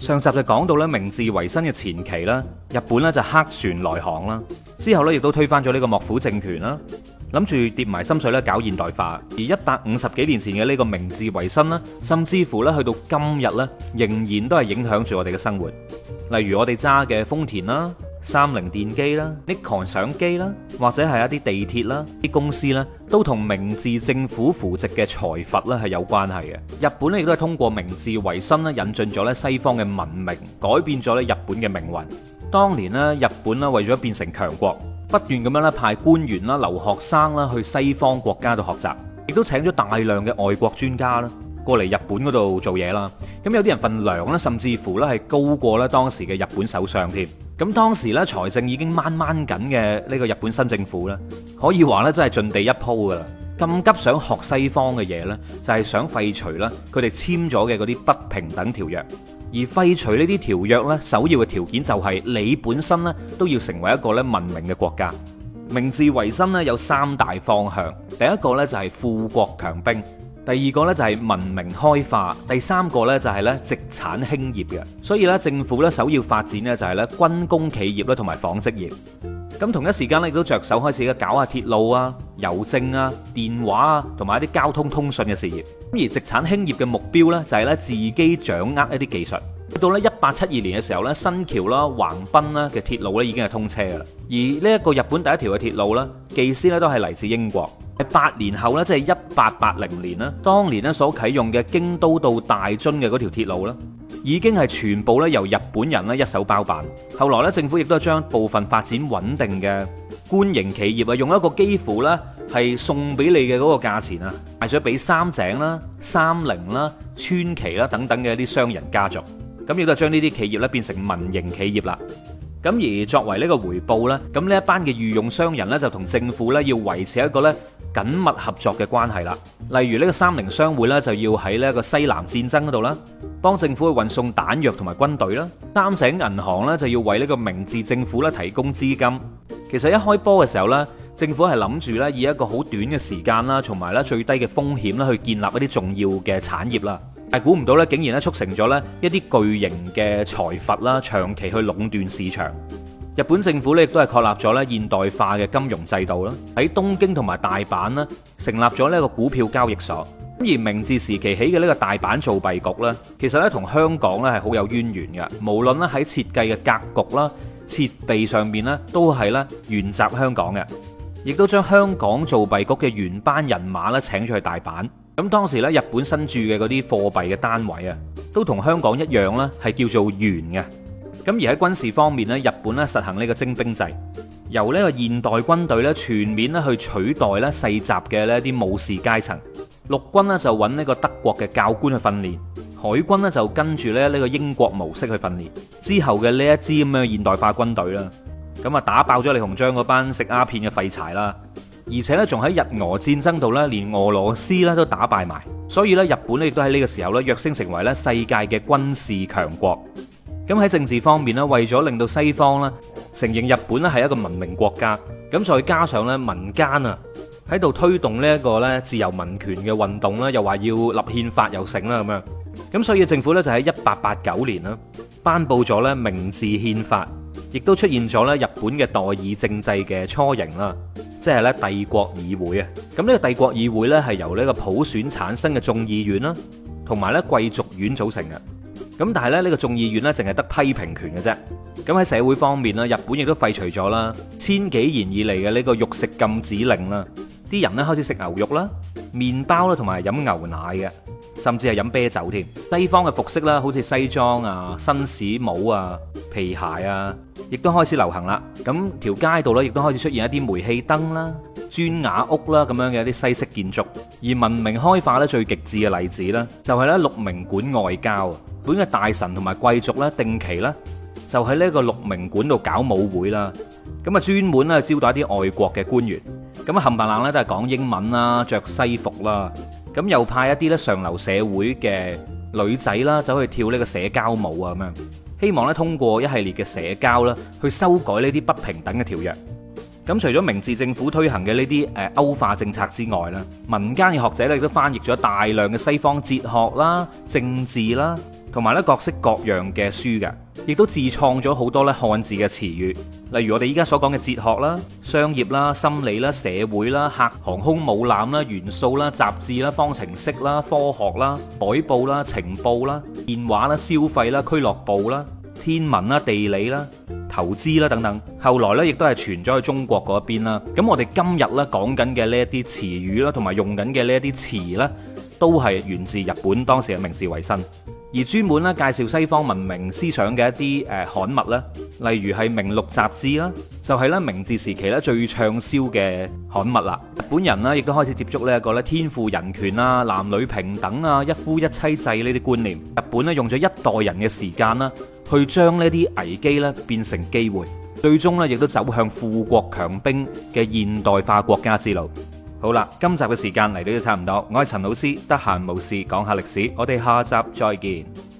上集就講到咧明治維新嘅前期啦，日本咧就黑船來航啦，之後咧亦都推翻咗呢個幕府政權啦，諗住跌埋心水咧搞現代化，而一百五十幾年前嘅呢個明治維新啦，甚至乎咧去到今日咧，仍然都係影響住我哋嘅生活，例如我哋揸嘅豐田啦。三菱電機啦、Nikon 相機啦，或者係一啲地鐵啦、啲公司啦，都同明治政府扶植嘅財閥啦係有關係嘅。日本咧亦都係通過明治維新咧引進咗咧西方嘅文明，改變咗咧日本嘅命運。當年咧，日本咧為咗變成強國，不斷咁樣咧派官員啦、留學生啦去西方國家度學習，亦都請咗大量嘅外國專家啦過嚟日本嗰度做嘢啦。咁有啲人份糧咧，甚至乎咧係高過咧當時嘅日本首相添。咁當時咧，財政已經掹掹緊嘅呢個日本新政府咧，可以話咧真係盡地一鋪㗎喇。咁急想學西方嘅嘢呢，就係想廢除啦佢哋簽咗嘅嗰啲不平等條約。而廢除呢啲條約呢，首要嘅條件就係你本身呢都要成為一個咧文明嘅國家。明治維新呢有三大方向，第一個呢，就係富國強兵。第二個呢就係文明開化，第三個呢就係呢殖產興業嘅。所以呢，政府呢首要發展呢就係呢軍工企業咧同埋紡織業。咁同一時間呢，亦都着手開始搞下鐵路啊、郵政啊、電話啊同埋一啲交通通訊嘅事業。咁而殖產興業嘅目標呢，就係呢自己掌握一啲技術。到呢一八七二年嘅時候呢，新橋啦、橫濱啦嘅鐵路呢已經係通車嘅啦。而呢一個日本第一條嘅鐵路呢，技師呢都係嚟自英國。八年後咧，即係一八八零年啦。當年咧所啟用嘅京都到大津嘅嗰條鐵路咧，已經係全部咧由日本人咧一手包辦。後來咧，政府亦都係將部分發展穩定嘅官營企業啊，用一個幾乎咧係送俾你嘅嗰個價錢啦，賣咗俾三井啦、三菱啦、川崎啦等等嘅一啲商人家族。咁亦都係將呢啲企業咧變成民營企業啦。咁而作為呢個回報咧，咁呢一班嘅御用商人咧就同政府咧要維持一個咧。緊密合作嘅關係啦，例如呢個三菱商會咧就要喺呢個西南戰爭嗰度啦，幫政府去運送彈藥同埋軍隊啦；三井銀行咧就要為呢個明治政府咧提供資金。其實一開波嘅時候呢，政府係諗住呢以一個好短嘅時間啦，同埋咧最低嘅風險啦，去建立一啲重要嘅產業啦。但估唔到呢，竟然咧促成咗呢一啲巨型嘅財閥啦，長期去壟斷市場。日本政府咧亦都係確立咗咧現代化嘅金融制度啦，喺東京同埋大阪咧成立咗咧個股票交易所。咁而明治時期起嘅呢個大阪造幣局咧，其實咧同香港咧係好有淵源嘅。無論咧喺設計嘅格局啦、設備上面咧，都係咧沿襲香港嘅，亦都將香港造幣局嘅原班人馬咧請咗去大阪。咁當時咧日本新鑄嘅嗰啲貨幣嘅單位啊，都同香港一樣咧，係叫做圓嘅。咁而喺軍事方面咧，日本咧實行呢個徵兵制，由呢個現代軍隊咧全面咧去取代咧世襲嘅呢啲武士階層。陸軍呢就揾呢個德國嘅教官去訓練，海軍呢就跟住咧呢個英國模式去訓練之後嘅呢一支咁嘅現代化軍隊啦。咁啊打爆咗李鴻章嗰班食鴉片嘅廢柴啦，而且咧仲喺日俄戰爭度咧連俄羅斯咧都打敗埋，所以咧日本亦都喺呢個時候咧躍升成為咧世界嘅軍事強國。咁喺政治方面咧，為咗令到西方咧承認日本咧係一個文明國家，咁再加上咧民間啊喺度推動呢一個咧自由民權嘅運動啦，又話要立憲法又成啦咁樣，咁所以政府咧就喺一八八九年啦頒布咗咧明治憲法，亦都出現咗咧日本嘅代議政制嘅雛形啦，即係咧帝國議會啊。咁呢個帝國議會咧係由呢個普選產生嘅眾議院啦，同埋咧貴族院組成嘅。咁但係咧，呢個眾議院咧，淨係得批評權嘅啫。咁喺社會方面啦，日本亦都廢除咗啦千幾年以嚟嘅呢個肉食禁止令啦，啲人咧開始食牛肉啦、麪包啦，同埋飲牛奶嘅，甚至係飲啤酒添。西方嘅服飾啦，好似西裝啊、紳士帽啊、皮鞋啊，亦都開始流行啦。咁條街道咧，亦都開始出現一啲煤氣燈啦、磚瓦屋啦咁樣嘅一啲西式建築。而文明開化咧最極致嘅例子咧，就係咧鹿鳴館外交啊。本嘅大臣同埋貴族咧，定期咧就喺呢個鹿鳴館度搞舞會啦。咁啊，專門咧招待一啲外國嘅官員。咁啊，冚唪唥咧都係講英文啦，著西服啦。咁又派一啲咧上流社會嘅女仔啦，走去跳呢個社交舞啊咁樣，希望咧通過一系列嘅社交啦，去修改呢啲不平等嘅條約。咁除咗明治政府推行嘅呢啲誒歐化政策之外啦，民間嘅學者咧亦都翻譯咗大量嘅西方哲學啦、政治啦。同埋咧，各式各樣嘅書嘅，亦都自創咗好多咧漢字嘅詞語，例如我哋依家所講嘅哲學啦、商業啦、心理啦、社會啦、客航空母艦啦、元素啦、雜誌啦、方程式啦、科學啦、海報啦、情報啦、電話啦、消費啦、俱樂部啦、天文啦、地理啦、投資啦等等。後來呢，亦都係傳咗去中國嗰邊啦。咁我哋今日呢講緊嘅呢一啲詞語啦，同埋用緊嘅呢一啲詞呢都係源自日本當時嘅明治維新。而專門咧介紹西方文明思想嘅一啲誒刊物咧，例如係《明六雜誌》啦，就係、是、咧明治時期咧最暢銷嘅刊物啦。日本人咧亦都開始接觸呢一個咧天賦人權啊、男女平等啊、一夫一妻制呢啲觀念。日本咧用咗一代人嘅時間啦，去將呢啲危機咧變成機會，最終咧亦都走向富國強兵嘅現代化國家之路。好啦，今集嘅時間嚟到都差唔多，我係陳老師，得閒無事講下歷史，我哋下集再見。